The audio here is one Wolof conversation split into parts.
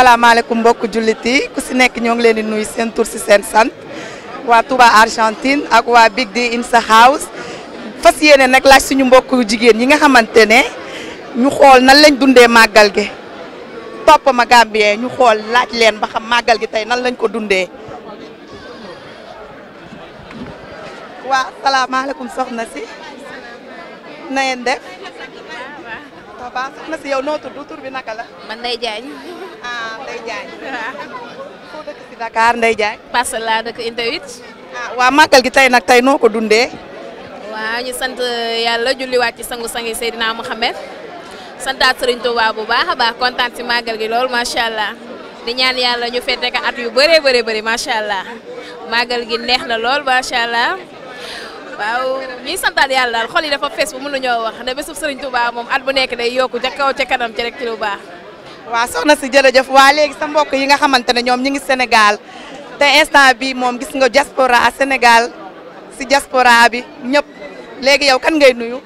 asalaamaaleykum mbokku jullit yi ku si nekk ñoo ngi leen di nuyu seen tur si seen sant waa Touba Argentine ak waa Big D in the house fas yéene nag laaj suñu mbokk jigéen ñi nga xamante ne ñu xool nan lañ dundee màggal gi topp ma Gambien ñu xool laaj leen ba xam màggal gi tey nan lañ ko dundee. waa asalaamaaleykum soxna si na ngeen def. si yow noo bi naka la. man Ndeye Diagne. ah Ndeye Diagne. foo dëkk si Dakar Ndeye Diagne. laa dëkk Unité ah, waa màggal gi tey nag tey noo ko dundee. waa ñu sant yàlla julliwaat ci sangu-sang yi Seydina Mouhamed santaat Serigne Touba bu baax a baax kontaan si màggal gi lool macha allah di ñaan yàlla ñu fete ka at yu bëree bëri bëri macha allah màggal gi neex na lool macha allah waaw ñuy santaat yàlla daal xol yi dafa fees bu mënuñoo wax ne bésub Serigne Touba moom at bu nekk day yokk ca kaw ca kanam ci rek ci lu baax. waaw soxna si jërëjëf waa léegi sa mbokk yi nga xamante ne ñoom ñi ngi Sénégal te instant bi moom gis nga diaspora à Sénégal si diaspora bi ñëpp léegi yow kan ngay nuyu.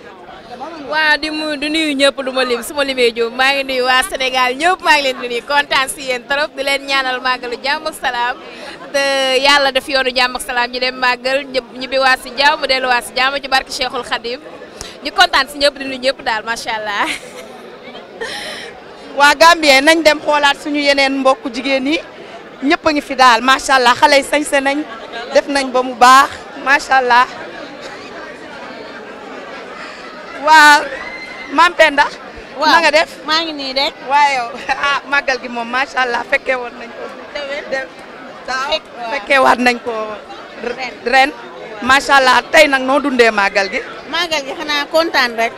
waaw di mu di nuyu ñëpp du ma lim su ma limee jóg maa ngi nuyu waa Sénégal ñëpp maa ngi leen di nuyu kontaan si yéen trop di leen ñaanal màggalu jàmm ak salaam te yàlla def yoonu jàmm ak salaam ñu dem màggal ñibbi waa si jàmm delluwaa si jàmm ci barke Cheikhul Khadim ñu kontaan si ñëpp di daal macha allah. waa Gambien nañ dem xoolaat suñu yeneen mbokku jigéen yi ñëpp a fi daal macha allah xale sañ sañse nañ def nañ ba mu baax macha allah waa Maam Penda. waaw ma def maa ngi nii de. waaye ah màggal gi moom macha allah fekkee woon nañ ko. nañ ko. ren ren macha allah tey nag noo dundee màggal gi. màggal gi xanaa kontaan rek.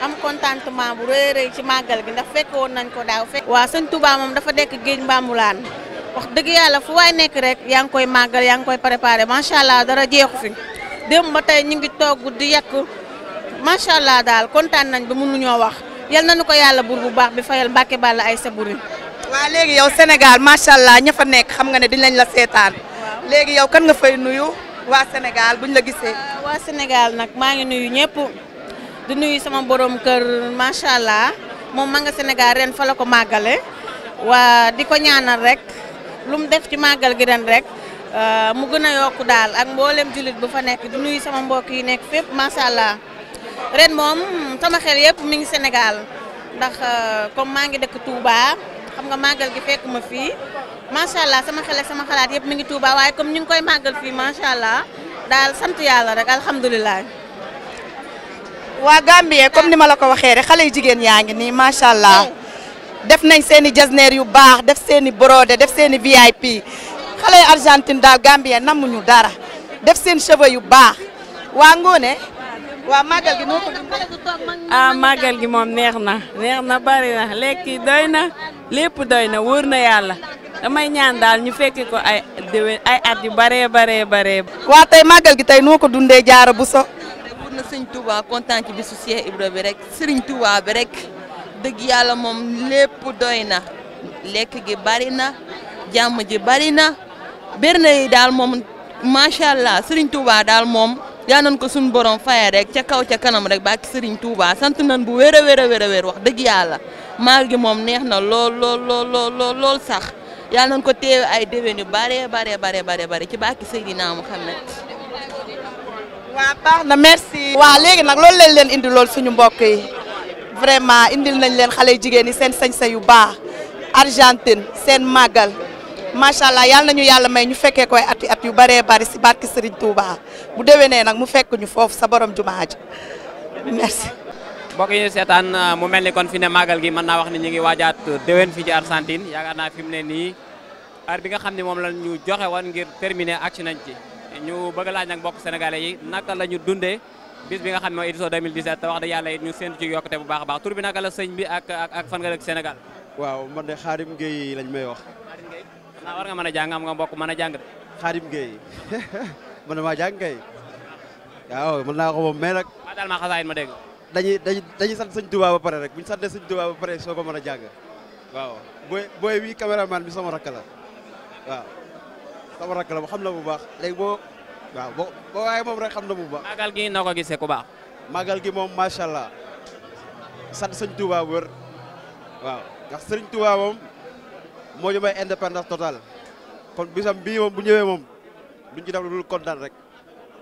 am contentement bu rëy rëy ci màggal gi ndax fekke woon nañ ko daaw fekk waa sëñ Touba moom dafa dekk géej Mbambulaan wax dëgg yàlla fu waay nekk rek yaa ngi koy màggal yaa ngi koy préparé macha allah dara jeexu fi démb ba tey ñu ngi togg di yàq macha allah daal kontaan nañ ba mënuñoo wax yal nañu ko yàlla buur bu baax bi fayal Mbàkke Bàlla ay sa buri waaw léegi yow Sénégal macha allah ña fa nekk xam nga ne dinañ la seetaan. léegi yow kan nga fay nuyu waa Sénégal buñ la gisee. waa Sénégal nag maa ngi nuyu ñëpp. di nuyu sama borom kër macha allah moom ma nga Sénégal ren fa la ko màggale waa di ko ñaanal rek lu mu def ci màggal gi ren rek euh, mu gën a yokk daal ak mboolem jullit bu fa nekk di nuyu sama mbokk yi nekk fépp macha allah ren moom sama xel yëpp mi ngi Sénégal ndax euh, comme maa ngi dëkk Touba xam nga màggal gi fekk ma fii macha allah sama xel sama xalaat yëpp mi ngi Touba waaye comme ñu ngi koy màggal fii macha allah daal sant yàlla rek alhamdulilah. waa Gambie comme ni ma la ko waxee rek xale yu jigéen yaa ngi nii macha allah def nañ seeni i jasneer yu baax def seeni i brodé def seen i VIP xale yu Argentine daal Gambien ñu dara def seen cheveux yu baax waa ngoone waa màggal gi noo ko ah gi moom neex na neex na bari na na lépp doy na wóor na yàlla damay ñaan daal ñu fekk ko at yu baree baree baree. waa tey gi tey noo ko dundee jaara bu so. na sëñ Touba kontaan ci bisu Cheikh Ibra bi rek sëriñ Touba bi rek dëgg yàlla moom lépp doy na lekk gi bari na jàmm ji bari na berne yi daal moom macha allah sëriñ Touba daal moom yaa nañ ko suñu borom fayal rek ca kaw ca kanam rek bàkki sëriñ Touba sant nañ bu wéer a wéer a wéer wax dëgg yàlla maal gi moom neex na lool lool lool sax yàlla nañ ko teewe ay déwén yu bare bare bare bare bare ci bàkki Seydina Muhammad waa baax na merci. waa léegi nag loolu lañ leen indi lool suñu mbokk yi vraiment indil nañ leen xale jigéen yi seen sañ-sañ yu baax Argentine seen màggal macha allah yal nañu yàlla may ñu fekkee koy at at yu bëree bëri si barki Serigne Touba bu déwénee nag mu fekkuñu foofu sa borom jumaa ji merci. mbokk yi seetaan mu mel ni kon fi ne màggal gi mën naa wax ni ñu ngi waajaat déwén fii ci Argentine yaakaar naa fi mu ne nii heure bi nga xam ne moom la ñu joxe woon ngir terminer action nañ ci. ñu bëgg laaj nag mbokk sénégalais yi naka la ñu dundee bis bi nga xam ne mooy édition 2017 te wax dëgg yàlla it ñu séntu ci yokkute bu baax a baax tur bi naka la sëñ bi ak ak fan nga dëkk Sénégal. waaw man de Xaadim Gueye lañ may wax. Xaadim Gueye xanaa war nga a jàng am nga mbokk mën a jàng de. Xaadim Gueye man maa jàng kay waaw mën naa ko moom mais maa daal maa xasaayit ma dégg. dañuy dañuy sëñ Tuubaa ba pare rek bu ñu santee sëñ Tuubaa ba pare soo ko mën a jàng waaw booy booy wii caméraman bi sama rakk la waaw. sama rakk la ba xam na bu baax léegi boo waaw boo waaye moom rek xam na bu baax. màggal gi noo ko gisee ku baax. màggal gi moom macha allah sant sëñ Touba wër waaw ndax sëriñ Touba moom moo ñu may indépendance totale kon bisam bii moom bu ñëwee moom duñ ci def lu dul kontaan rek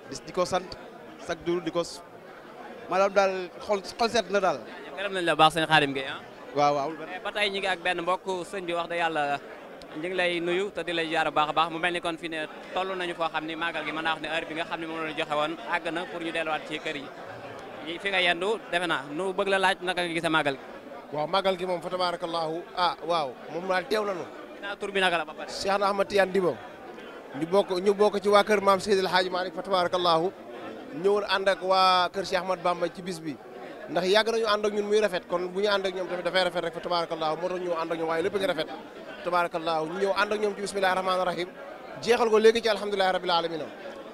bis di ko sant chaque jour di ko maanaam daal xol xol na daal. baax sëñ Xaadim Gueye ah. waaw waaw eh, ba tey ñu benn mbokk sëñ bi wax da yàlla. ñu ngi lay nuyu te di lay jaar baax a baax mu mel ni kon fi ne toll nañu foo xam ni màggal gi mën naa wax ne heure bi nga xam ne moom la ñu joxe woon àgg na pour ñu delluwaat ci kër yi fi nga yendu defe naa nu bëgg la laaj naka nga gisa màggal gi waaw màggal gi moom fa tabaarakallaahu ah waaw moom daal teew nañu naa tur bi naka la ba pare Cheikh Ahmad Tidiane Dibo ñu bokk ñu bokk ci waa kër maam Seydi El Hadji Malick fa tabaarakallaahu ñëwoon ànd ak waa kër ma Ahmad Bamba ci bis bi ndax yàgg nañu ànd ak ñun muy rafet kon bu ñu ànd ak ñoom rafet rek fa tabaarakallaahu moo tax ñu ànd lépp rafet tabaarakallaahu ñu ñëw ànd ak ñoom ci bismillahi rahmaani rahim jeexal ko léegi ci alhamdulilahi rabbil alamina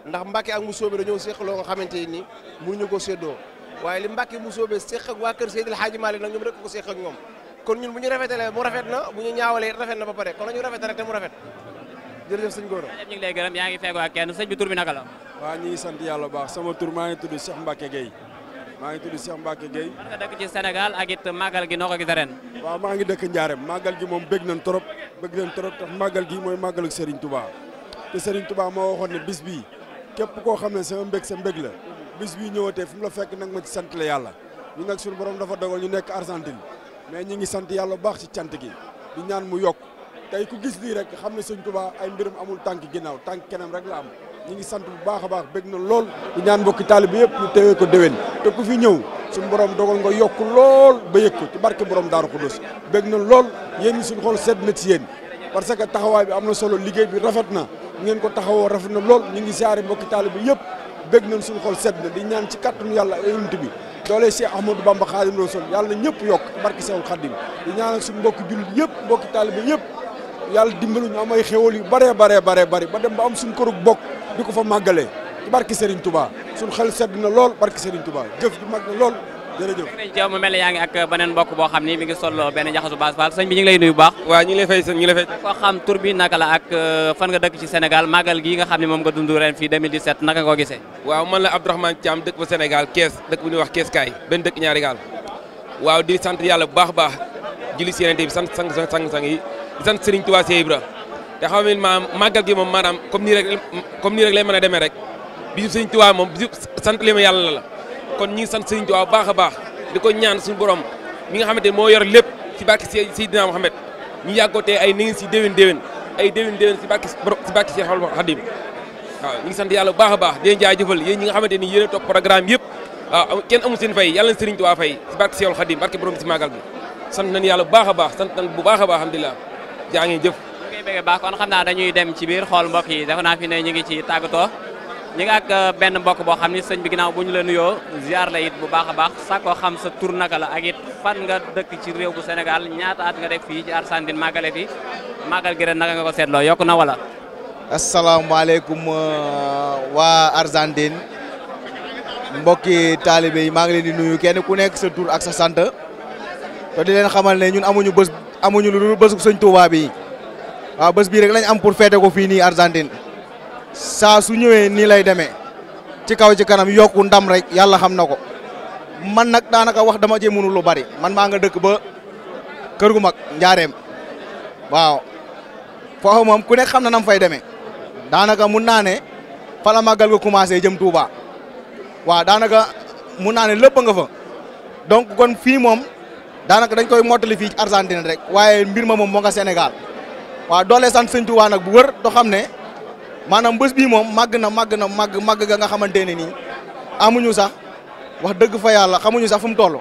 ndax Mbàkke ak Musoobe dañoo séq loo nga xamante ni mënuñu ko séddoo waaye li Mbàkke Musoobe séq ak waa kër Seydil Haaji Maalik nag ñoom rek ko séq ak ñoom kon ñun bu ñu rafetalee mu rafet na bu ñu ñaawalee rafet na ba pare kon nañu rafet rek te mu rafet jërëjëf sëñ Gora ñu ngi lay gërëm yaa ngi feegoo ak kenn sëñ bi la waaw ñu ngi baax sama tur maa ngi tudd Cheikh Mbacke Gueye maa ngi tudd Cheikh Mbacke Gueye man nga dëkk ci gi noo ko gisee ren waaw maa ngi gi moom bég nañ trop bëgg leen trop tax màggal gi mooy màggal ak Serigne Touba te Serigne Touba moo waxoon ne bis bii képp koo xam ne sama mbég sa mbég la bis bii ñëwatee fu mu la fekk nag ma ci sant la yàlla ñu nag suñu borom dafa dogal ñu nekk Argentine mais ñu ngi sant yàlla bu baax ci sant gi di ñaan mu yokk tey ku gis lii rek xam ne Serigne tubaa ay mbirum amul tànk ginnaaw tànk kenam rek la am ñu ngi sant bu baax a baax bég na lool di ñaan mbokki taalibe yëpp mu teewee ko déwén te ku ñëw suñu borom dogal nga yokk lool ba yëg ko ci barke borom Daaru Xudoos bég na lool yéen ñi suñu xool sedd na ci yéen parce que taxawaay bi am na solo liggéey bi rafet na ngeen ko taxawoo rafet na lool ñu ngi siyaare mbokki taalibe bi yëpp bég nañ suñu xool sedd na di ñaan ci kàttanu yàlla unité bi doole Cheikh Ahmadou Bamba Xaadim Rasul yàlla na ñëpp yokk barke Seexul Xaadim di ñaanal suñu mbokki jullit yëpp mbokki taalibe yëpp yàlla dimbalu ñu am ay xéwal yu baree baree baree bari ba dem ba am suñu kërug bokk di ko fa màggalee ci barki Serigne Touba suñu xel sedd na lool barki Serigne Touba jëf ju mag na lool jërëjëf. jërëjëf mu mel yaa ngi ak beneen mbokk boo xam ni mi ngi sol benn jaxasu baas faal sëñ bi ñu ngi lay nuyu baax. waaw ñu lay fay sëñ ñu xam tur naka la ak euh, fan nga dëkk ci Sénégal màggal gii nga xam ne moom nga dund ren fii 2017 naka nga ko gisee. waaw man la Abdourahmane Thiam dëkk ba Sénégal Kees dëkk bu ñuy wax Kees kaay benn dëkk ñaari gaal waaw di sant yàlla bu baax baax julli si yeneen bi sant sang sang sang yi di sant Serigne Touba gi moom maanaam comme nii rek comme nii rek lay mën a demee rek bisub sëñ Tuubaa moom bisub sant li ma yàlla la kon ñi ngi sant sëñ Tuubaa bu baax ko ñaan suñu borom mi nga xamante ne moo yor lépp ci bàkki Seydina Muhammad ñu yàggootee ay ni ngi si déwén déwén ay déwén déwén si bàkki si bàkki Seex Xadim waaw sant yàlla bu baax a baax di leen jaajëfal yéen ñi nga xamante ni yéen a topp programme yëpp waaw kenn amul seen fay yàlla na Sëriñ Tuubaa fay si bàkki Seex Xadim barke borom si màggal bi sant nañu yàlla bu baax baax sant nañu bu baax a baax alhamdulilah jaa ngeen jëf ñu ngi bëgg baax kon xam dem ci biir xool mbokk naa fi ne ngi ci ñi nga euh, benn mbokk boo xam ni sëñ bi ginnaaw bu ñu la nuyoo ziar la it bu baax a baax sàkkoo xam sa tur naka la ak it fan nga dëkk ci réew bu Sénégal ñaata at nga def fii ci Argentine màggale fi màggal gi ren naka nga ko seetloo yokk na wala. asalaamaaleykum euh, waa Argentine mbokki taalibe yi maa ngi leen di nuyu kenn ku nekk sa tur ak sa sant te di leen xamal ne ñun amuñu bés amuñu lu dul bésu sëñ Touba bi waaw bés bii rek lañ am pour féete ko fii nii Argentine. saa su ñëwee nii lay demee ci kaw ci kanam yokku ndam rek yàlla xam na ko man nag daanaka wax dama cee mënul bari man maa nga dëkk ba kër gu mag njaareem waaw foofu moom ku nekk xam na nam fay demee daanaka mun naa ne fa la màggal ko commencé jëm Touba waaw daanaka mun naa ne lépp nga fa donc kon fii moom daanaka dañ koy mottali fii ci Argentine rek waaye mbir ma moom moo nga Sénégal waaw doole sant sëñ Touba nag bu wër doo xam ne. maanaam bés bii moom màgg na màgg na màgg màgg ga nga xamante ne nii amuñu sax wax dëgg fa yàlla xamuñu sax fu mu toll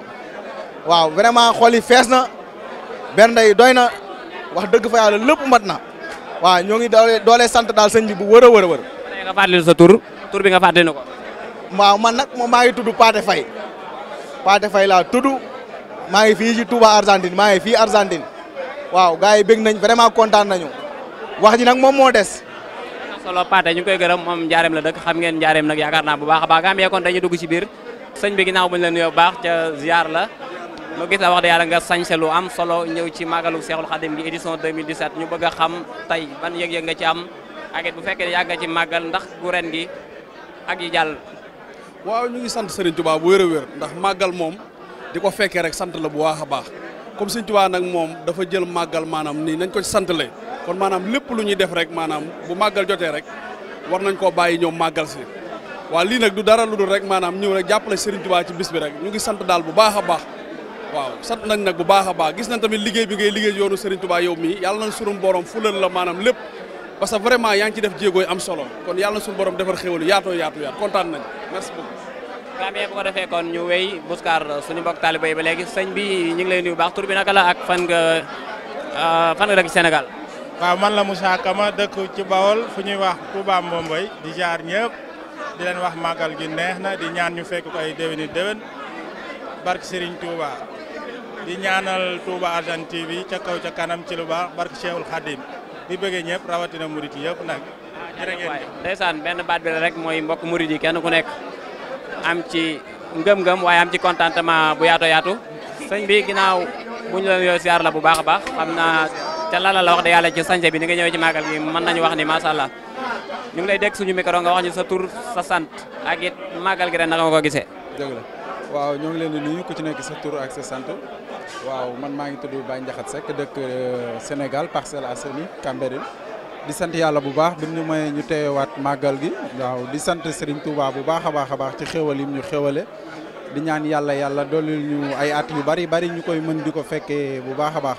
waaw vraiment xol yi fees na benn day doy na wax dëgg fa yàlla lépp mat na waaw ñoo ngi doole doole sant daal sëñ bi bu wër a wër a wër. sa tur tur bi nga fàttali na ko. waaw man nag maa ngi tudd Pathé fay Pathé Faye laa tudd maa ngi fii ci Touba Argentine maa ngi fii Argentine waaw gars yi bëgg nañ vraiment kontaan nañu wax ji nag moom moo des. solo Pathé ñu ngi koy gërëm moom njaareem la dëkk xam ngeen njaareem nag yaakaar naa bu baax a baax nga am kon dañu dugg ci biir sëñ bi ginnaaw bu ñu la nuyoo baax ca ziar la ma gis la wax de yàlla nga sañ lu am solo ñëw ci màggalu Seexul Xadim gi édition 2017 ñu bëgg a xam tey ban yëg-yëg nga ci am ak bu fekkee ne yàgg nga ci màggal ndax gu ren gi ak yi jàll waaw ñu ngi sant Serigne Touba bu wér a wér ndax màggal moom di ko fekkee rek sant la bu baax a baax comme Sëñ Tuubaa nag moom dafa jël màggal maanaam nii nañ ko sant santale kon maanaam lépp lu ñuy def rek maanaam bu màggal jotee rek war nañ koo bàyyi ñoom màggal si waa lii nag du dara lu dul rek maanaam ñëw rek jàppale Sëriñ Tuubaa ci bis bi rek ñu ngi sant daal bu baax a baax waaw sant nañ nag bu baax a baax gis nañ tamit liggéey bi ngay liggéey yoonu Sëriñ Tuubaa yow mii yàlla nañ surum borom fulal la maanaam lépp parce que vraiment yaa ngi ci def jéego yu am solo kon yàlla na suñu borom defar xéwal yaatoo yaatu yaat kontaan nañ Gambie bu ko defee kon ñu wéy buskaar suñu mbokk taaliba yi ba léegi sëñ bi ñu ngi lay nuyu baax tur bi naka la ak fan nga euh, fan nga dëkk Sénégal. waaw man la Moussa Kama dëkk ci Bawol fu ñuy wax Touba Mbomboy di jaar ñëpp di leen wax magal gi neex na di ñaan ñu fekk ko ay déwéni déwén barke Serigne di ñaanal Touba Argentine bi ca kaw ca kanam ci lu baax barke Cheikhul Khadim di bëggee ñëpp rawatina murit yëpp nag. Ah, jërë ngeen baat bi rek mooy mbokk murit yi kenn ku nekk. am ci ngëm-ngëm waaye am ci contentement bu yaato yaatu sëñ bi ginnaaw bu ñu la nuyoo siyaar la bu baax a baax xam naa ca lala la wax de yàlla ci sañse bi ni nga ñëwee ci màggal gi mën nañu wax ni macha allah ñu ngi lay dégg suñu micro nga wax ñu sa tur sa sant ak it màggal gi ren na nga ko gisee. dëgg la waaw ñoo ngi leen di nuyu ku ci nekk sa tur ak sa sant waaw man maa ngi tudd Baye Ndiakhate Seck dëkk euh, Sénégal Parcelles Assainies Cambérène di sant yàlla bu baax bi ñu may ñu teewaat màggal gi waaw di sant Serigne Touba bu baax a baax a baax ci xéwal yi ñu xéwale di ñaan yàlla yàlla doolil ñu ay at yu bari bari ñu koy mën di ko fekkee bu baax a baax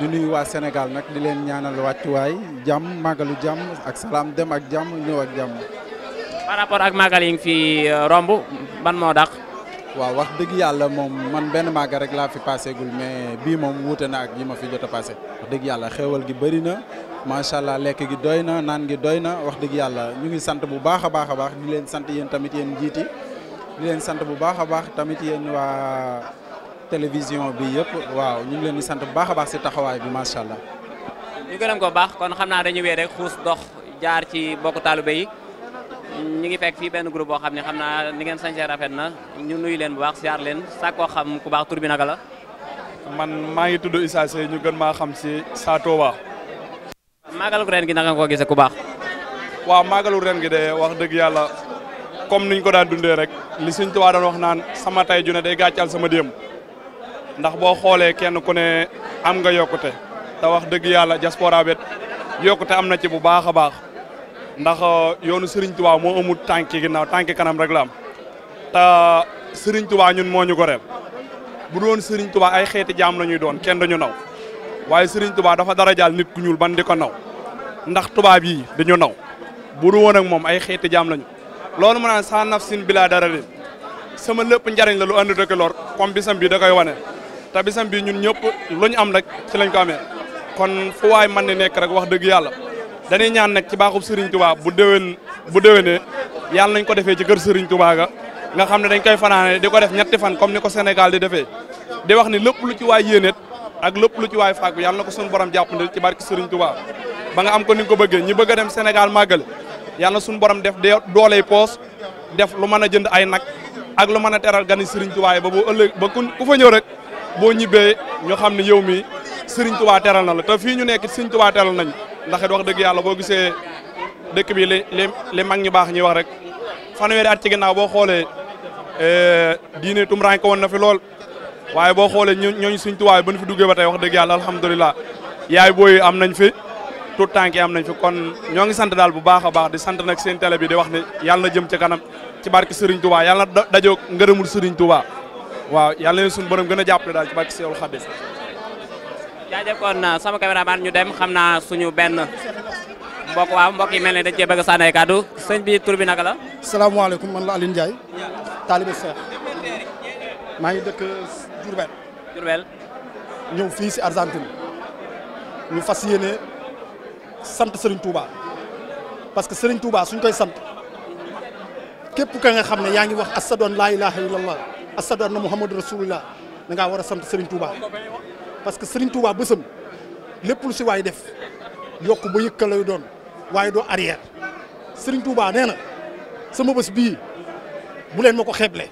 di nuyu waa Sénégal nag di leen ñaanal wàccuwaay jàmm màggalu jàmm ak salaam dem ak jàmm ñëw ak jàmm. par rapport ak màggal yi fi euh, romb ban moo dàq. waaw wax dëgg yàlla moom man benn màggal rek laa fi passé gul mais bii moom wuute na ak yi ma fi jot a passé wax dëgg yàlla xéewal gi bëri na macha allah lekk gi doy na naan gi doy na wax dëgg yàlla ñu ngi sant bu baax a baax a baax di leen sant yéen tamit yéen njiit yi di leen sant bu baax a baax tamit yéen waa télévision bi yëpp waaw ñu ngi leen di sant bu baax a baax si taxawaay bi macha allah. ñu gërëm ko baax kon xam naa dañu wéy xuus dox jaar ci bokk ñu ngi fekk fii benn groupe boo xam ne xam naa ni ngeen sañsee rafet na ñu nuyu leen bu baax siyaar leen sàkkoo xam ku baax tur bi naka la. man maa ngi tudd Issa ñu gën maa xam si Sa Touba. maagalu ren gi naka ko gisee ku baax. waaw maagalu ren gi de wax dëgg yàlla comme niñ ko daan dundee rek li Sëñ Tuubaa doon wax naan sama tay ju ne day gàccal sama démb ndax boo xoolee kenn ku ne am nga yokkute te wax dëgg yàlla diaspora bet yokkute am na ci bu baax a baax. ndax euh, yoonu Serigne Touba moo amul tànki ginnaaw tànki kanam rek la am te Serigne Touba ñun moo ñu goreel bu doon Serigne Touba ay xeeti jaam la ñuy doon kenn dañu naw waaye Serigne Touba dafa dara jaal nit ku ñuul ban di ko naw ndax tubaab yi dañu naw bu du woon ak moom ay xeeti jaam lañu loolu mu naan sa nafsin bilaa dara leen sama lëpp njariñ la lu andi dëkk lor comme bisam bi da koy wane te bisam bi ñun ñëpp lu ñu am rek ci lañ ko amee kon fu waay man nekk rek wax dëgg yàlla dañuy ñaan nag ci baaxub Serigne Touba bu déwén bu déwénee yàlla nañ ko defee ci kër Serigne Touba ga nga xam ne dañ koy fanaane di ko def ñetti fan comme ni ko Sénégal di defee di wax ni lépp lu ci waay yéeneet ak lëpp lu ci waay fàggu yàlla na ko suñu borom jàppandil ci barke Serigne Touba ba nga am ko ni nga ko bëggee ñi bëgg a dem Sénégal màggal yàlla na suñu borom def de dooley poos def lu mën a jënd ay nag ak lu mën a teral gani Serigne Touba ba boo ëllëg ba ku fa ñëw rek boo ñibbee ñu xam ne yow mi Serigne Touba teral na la te fii ñu nekk Serigne Touba ndax it wax dëgg yàlla boo gisee dëkk bi li li mag ñi baax ñuy wax rek fanweeri at ci ginnaaw boo xoolee eh, diine tumuraan ko woon na fi lool waaye boo xoolee ñooñu suñ tuwaay ba ñu fi duggee ba tey wax dëgg yàlla alhamdulilah yaay booy am nañ fi tout temps am nañ fi kon ñoo ngi sant daal bu baax a baax di sant nag seen télé bi di wax ne yàlla na jëm ca kanam ci barke Serigne Touba yàlla na dajoo ngërëmul sëriñ Touba waaw yàlla na suñu borom gën a jàppale daal ci barke Seexul Xadiim jaajëf kon euh, sama caméraman ñu dem xam naa suñu benn mbokk waaw mbok yi mel ne dañ cee bëgg a sànni sëñ bi tur bi naka la. salaamaaleykum man la Alioune Ndiaye. taalibe Seex. maa ngi dëkk Diourbel. Diourbel. ñëw fii si Argentine. ñu fas yéene sant Serigne Touba. parce que Serigne Touba suñ koy sant. képp ka nga xam ne yaa ngi wax asadu an laa ilaaha illallah asadu anna Muhammadu rasulullah da war a sant Serigne tuuba parce que Serigne Touba bësam lépp lu si waay def yokk ba yëkka doon waaye doo arrière Serigne Touba nee na sama bés bii bu leen ma ko xeeble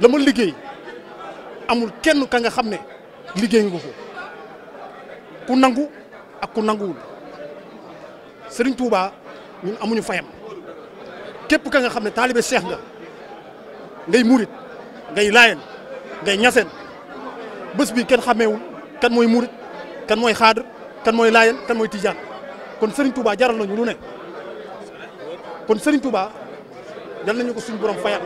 la ma liggéey amul kenn ka nga xam ne liggéey nga ko ku nangu ak ku nanguwul Serigne Touba ñun amuñu fayam képp ka nga xam ne taalibe Cheikh nga ngay murit ngay laayeen ngay ñaseen bës bi kenn xàmmeewul kan mooy murit kan mooy xaadr kan mooy laayeen kan mooy tijaan kon Serigne Touba jaral nañu lu ne kon sëriñ Touba dal nañu ko suñu borom fayal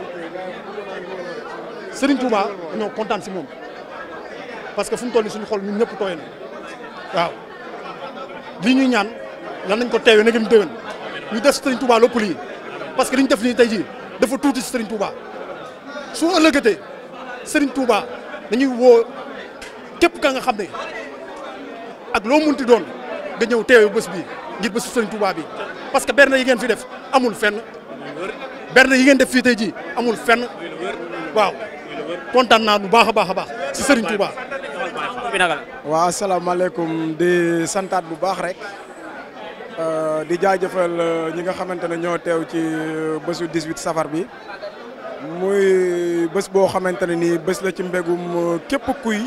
Serigne Touba ñoo kontaan si moom parce que fu mu toll suñu xol ñu ñëpp tooy na waaw lii ñuy ñaan lan nañ ko teewee na ngeen déwén ñu def Serigne Touba lépp lii que li def nii tey jii dafa tuuti si Serigne Touba su ëllëgatee Serigne Touba dañuy woo. képp kaa nga xam ne ak loo munti doon nga ñëw teewe bés bi ngir bésu sëñ Touba bi parce que berne yi ngeen fi def amul fenn berne yi ngeen def fii te ji amul fenn waaw kontaan naa bu baax a baax a baax si sëriñ Touba. waaw asalaamaaleykum di santaat bu baax rek euh, di jaajëfal euh, ñi nga xamante ne ñoo teew ci euh, bésu 18 safar bi muy bés boo xamante ne nii bés la ci mbégum képp kuy.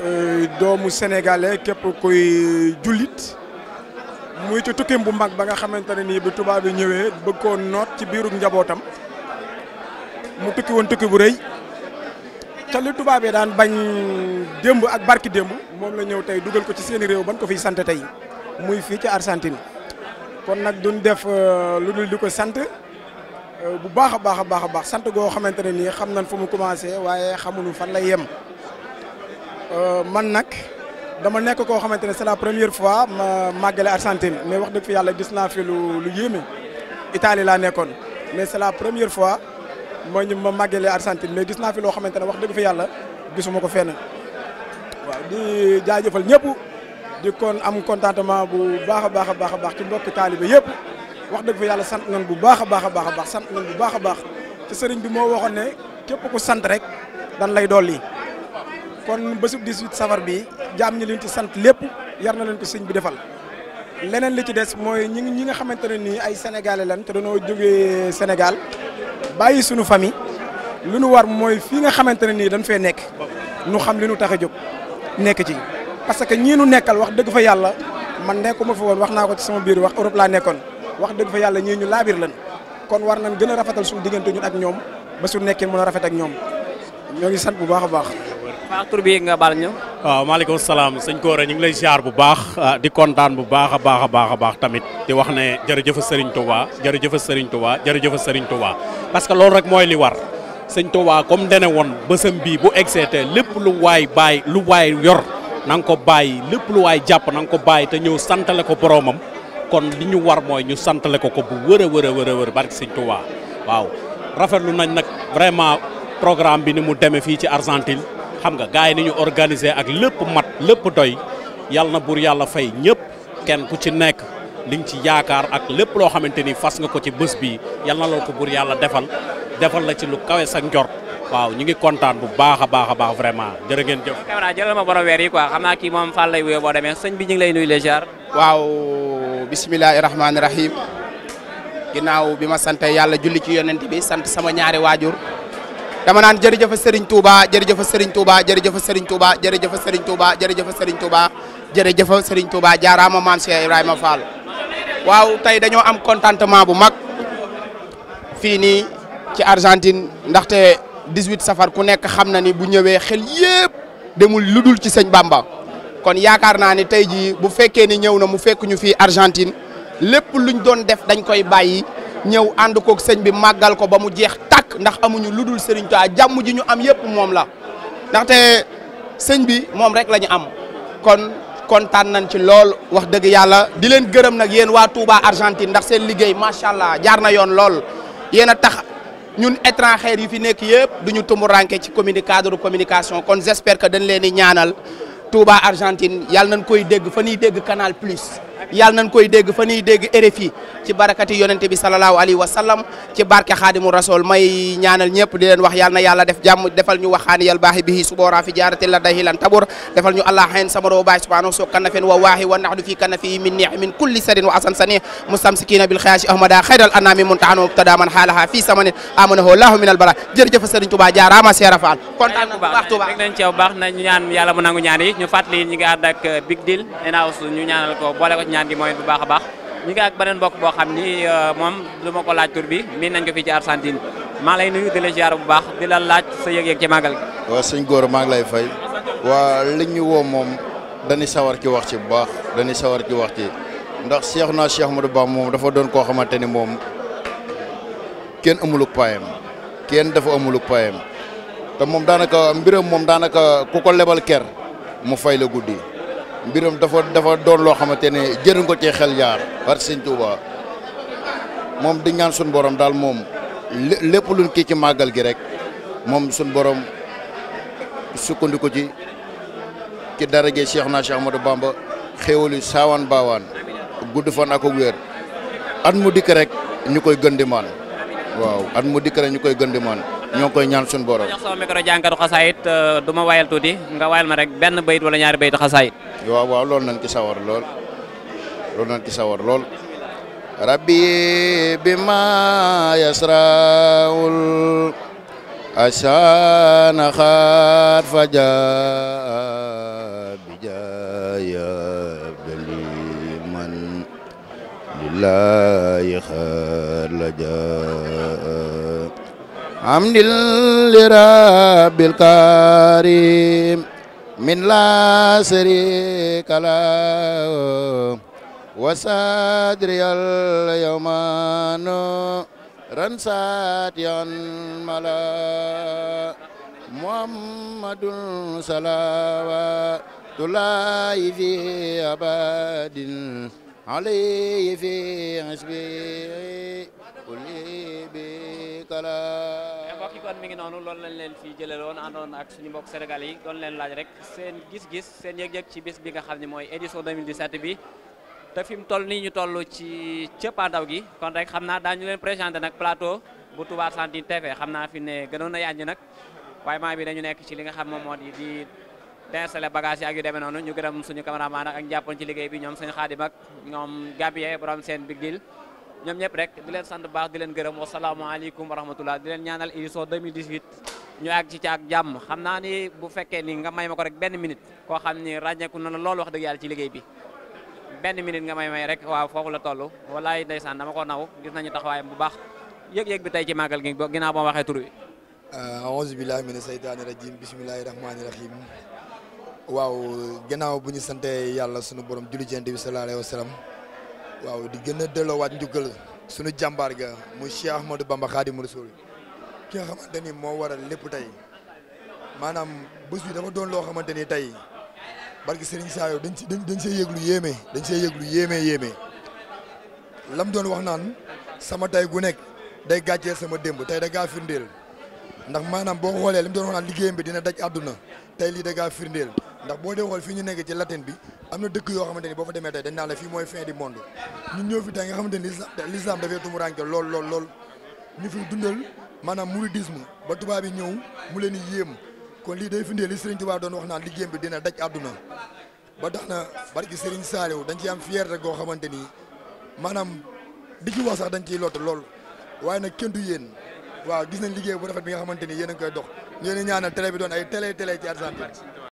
Euh, doomu sénégalais képp kuy jullit muy ci tukkim bu mag ba nga xamante ne nii bu tubaab yi ñëwee bëgg koo noot ci biiru njabootam mu tukki woon tukki bu rëy ca li tubaab yi daan bañ démb ak barki démb moom la ñëw tey du dugal ko ci seeni réew ban ko fiy sant tey muy fii ci arsantine kon nag du duñ def euh, lu dul di ko sant euh, bu baax a baax a baax a baax sant goo xamante ne nii xam nañ fu mu commencé waaye xamuñu fan lay yem. Euh, man nag dama nekk koo xamante ne c'est la première fois ma màggale Argentine mais wax dëgg fi yàlla gis naa fi lu lu yéeme Italie laa nekkoon mais c'est la première fois ma ñu ma màggale Argentine mais gis naa fi loo xamante ne wax dëgg fi yàlla gisuma ko fenn waaw di jaajëfal ñëpp di kon am contentement bu baax a baax a baax a baax ci mbokk taalibe yëpp wax dëgg fa yàlla sant nañ bu baax a baax a baax a baax sant nañ bu baax a baax te sëriñ bi moo waxoon ne képp ku sant rek dan lay dool dolli. kon bésub 18 safar bi jaam ñi leen ci sant lépp yar na leen ko sëñ bi defal leneen li ci des mooy ñi ñi nga xamante ne nii ay sénégalais lan te dañoo jógee Sénégal bàyyi sunu famille lu nu war mooy fii nga xamante ne nii dañ fee nekk nu xam li nu tax a jóg nekk ci parce que ñii nu nekkal wax dëgg fa yàlla man nekkuma fa woon wax naa ko ci sama biir wax Europe laa nekkoon wax dëgg fa yàlla ñii ñu laabir lan kon war nañ gën a rafetal suñu diggante ñun ak ñoom ba su nekkee mën a rafet ak ñoom ñoo ngi sant bu baax a baax. baax tur bi nga baal maaleykum salaam sëñ Kora ñu ngi lay ziar bu baax ah, di kontaan bu baax a baax a baax a baax tamit di wax ne jërëjëf Serigne Touba jërëjëf Serigne Touba jërëjëf Serigne Touba parce que loolu rek mooy li war. sëñ Touba comme dene woon bësam bii bu egsee exeete lépp lu waay bàyyi lu waay yor na nga ko bàyyi lépp lu waay jàpp na ko bàyyi te ñëw santale ko boroomam kon li ñu war mooy ñu santale ko ko bu wër a wër a wër a wër barki sëñ Touba waaw rafetlu nañ nag vraiment programme bi ni mu demee fii ci Argentine xam nga gars yi ni ñu organiser ak lépp mat lépp doy yàlla na buur yàlla fay ñëpp kenn ku ci nekk li ci yaakaar ak lépp loo xamante ni fas nga ko ci bés bi yàlla na lool ko buur yàlla defal defal la ci lu kawe sa njort waaw ñu ngi kontaan bu baax a baax a baax vraiment jërë ngeen jëf. caméra jëlal ma borom weer yi quoi xam naa kii moom fan lay wuyoo boo demee sëñ bi ñu ngi lay nuyu les jar. waaw bisimilahi rahmaani rahim bi ma sant yàlla julli ci yonent bi sant sama ñaari waajur. dama naan jërëjëf Serigne Touba jërëjëf Serigne Touba jërëjëf Serigne Touba jërëjëf Serigne Touba jërëjëf Serigne Touba jërëjëf Serigne Touba jaaraama maam Cheikh Ibrahima Fall waaw tey dañoo am contentement bu mag fii nii ci Argentine ndaxte 18 safar ku nekk xam na ni bu ñëwee xel yépp demul lu dul ci sëñ Bamba kon yaakaar naa ni tey jii bu fekkee ni ñëw na mu fekk ñu fii Argentine lépp luñ doon def dañ koy bàyyi. ñëw ànd kook sëñ bi màggal ko ba mu jeex tàkk ndax amuñu lu dul sëriñ Tuubaa jàmm ji ñu am yëpp moom la ndaxte sëñ bi moom rek lañu ñu am kon kontaan nañ ci lool wax dëgg yàlla di leen gërëm nag yéen waa Touba Argentine ndax seen liggéey macha allah jaar na yoon lool yéen a tax ñun étranger yi fi nekk yëpp du ñu tumb ci communi cadre communication kon j'espère que dañ leen di ñaanal Touba Argentine yàlla nañ koy dégg fa ñuy dégg Canal Plus. yàlla koy dégg fa ñuy dégg RFI ci barakati yonente bi salallaahu alayhi wa sallam ci barke xaadimu rasool may ñaanal ñëpp di leen wax yàlla na yàlla def jàmm defal ñu waxaani yal baaxi bihi suboora fi jaarati la dahi lan tabor defal ñu allah hen samaroo baay subhanahu so kanna fen wa waahi wa naxdu fi kanna fi min nii min kulli sarin wa asan sani mustamsikina bil xayaasi ahmada xayral anami muntaxano mubtada man xaalaha fi samanin amanahu lahu min al ñaan gi mooy bu baax a baax ñu ngi ak beneen mbokk boo xam ni euh, moom du ma ko laaj tur bi miin nañ ko fii ci Argentine maa lay nuyu di la ziar bu baax di la laaj sa yëg-yëg ci màggal gi. waaw sëñ maa lay fay waa li ñu woo moom dañuy sawar ci wax ci bu baax dañuy sawar ci wax ci ndax Cheikh naa Cheikh Ahmadou Bamba moom dafa doon koo xamante ni moom kenn amuluk payam kenn dafa amuluk payam te moom daanaka mbiram moom daanaka ku ko lebal ker mu fay la guddi. mbiram dafa dafa doon loo xamante ne jëriñ ko cee xel jaar war sëñ Tuuba moom di ñaan suñu borom daal moom lépp luñ kii ci màggal gi rek moom suñu borom sukkandiku ci ci daraje Cheikh naa Cheikh Ahmadou Bamba xéewal yu saawaan baawaan gudd fan ak wér at mu dikk rek ñu koy gën di maan waaw at mu dikk rek ñu koy gën di maan ñoo koy ñaan suñu borom jox sama micro jànkatu xasaayit euh, du ma wayal tuuti nga wayal ma rek benn bayit wala ñaari bayit xasaayit waaw ci sawar lool loolu nañ ci sawar lool rabbi bi ma yasraul asana xaat faja bi jaya beliman lillahi xaat la jaa hamdil rabbil karim min la sharika lahu wa sadriyal yawmanu ransatiyan mala muhammadun salawatullahi fi abadin alayhi fi hasbi kulli bi kala kon mi ngi noonu lañ leen fi jëlee woon àndoon ak suñu mbokk Sénégal yi doon leen laaj rek seen gis-gis seen yëg-yëg ci bis bi nga xam ni mooy édition 2017 bi te fi mu toll nii ñu toll ci cëppaandaw gi kon rek xam naa ñu leen présenté nag plateau bu Touba Argentine TV xam naa fi ne gënoon a yànj nag waaye maa bi dañu nekk ci li nga xam moom moo di di installé bagage yi ak yu demee noonu ñu gërëm suñu cameraman ak njàppoon ci liggéey bi ñoom suñu xaadim ak seen big ñoom ñëpp rek di leen sant baax di leen gërëm wasalaamaaleykum wa rahmatulah di leen ñaanal édition 2018 ñu àgg ci ak jàmm xam naa ni bu fekkee ni nga may ma ko rek benn minute koo xam ni ràññeeku na la lool wax dëgg yàlla ci liggéey bi benn minute nga may may rek waaw foofu la toll walaay ndeysaan dama ko naw gis nañu taxawaayam bu baax yëg-yëg bi tey ci màggal gi ginnaaw boo waxee tur wi euh, aouzu billahi mina seytaani rajim bismillahi rahmaani rahim waaw ginnaaw bu ñu sante yàlla sunu borom julli jent bi sallallahu alayhi wa sallam waaw di gën a delloowaat njukkal sunu jàmbaar ga mu Cheikh Ahmadou Bamba Khadimu Rasul ki nga xamante ni moo waral lépp tey maanaam bés bi dafa doon loo xamante ni tey barki Serigne Saayo dañ si dañ see yëg lu yéeme dañ see yëg lu yéeme yéeme lam doon wax naan sama tey gu nekk day gàcceel sama démb tey da gaa firndeel ndax maanaam boo xoolee lim doon wax naan liggéeyam bi dina daj àdduna tey lii da gaa firndeel ndax boo dee xool fii ñu nekk ci latin bi am na dëkk yoo xamante ni boo fa demee tey dañ naan la fii mooy fin du monde ñun ñëw fi tey nga xamante ni l'islam dafay tumuranke lool lool lool ñu fi dundal maanaam mouridisme ba tubaab yi ñëw mu leen yéem kon lii day findee li Serigne waa doon wax naan liggéeyam bi dina daj adduna ba tax na barki Serigne Saliou dañ ci am rek goo xamante ni maanaam di ci wax sax dañ ciy lot lool waaye na kenn du yéen waaw gis nañ liggéey bu rafet bi nga xamante ni yéen a ngi koy dox ñoo ñaanal télé bi doon ay télé télé ci Argentine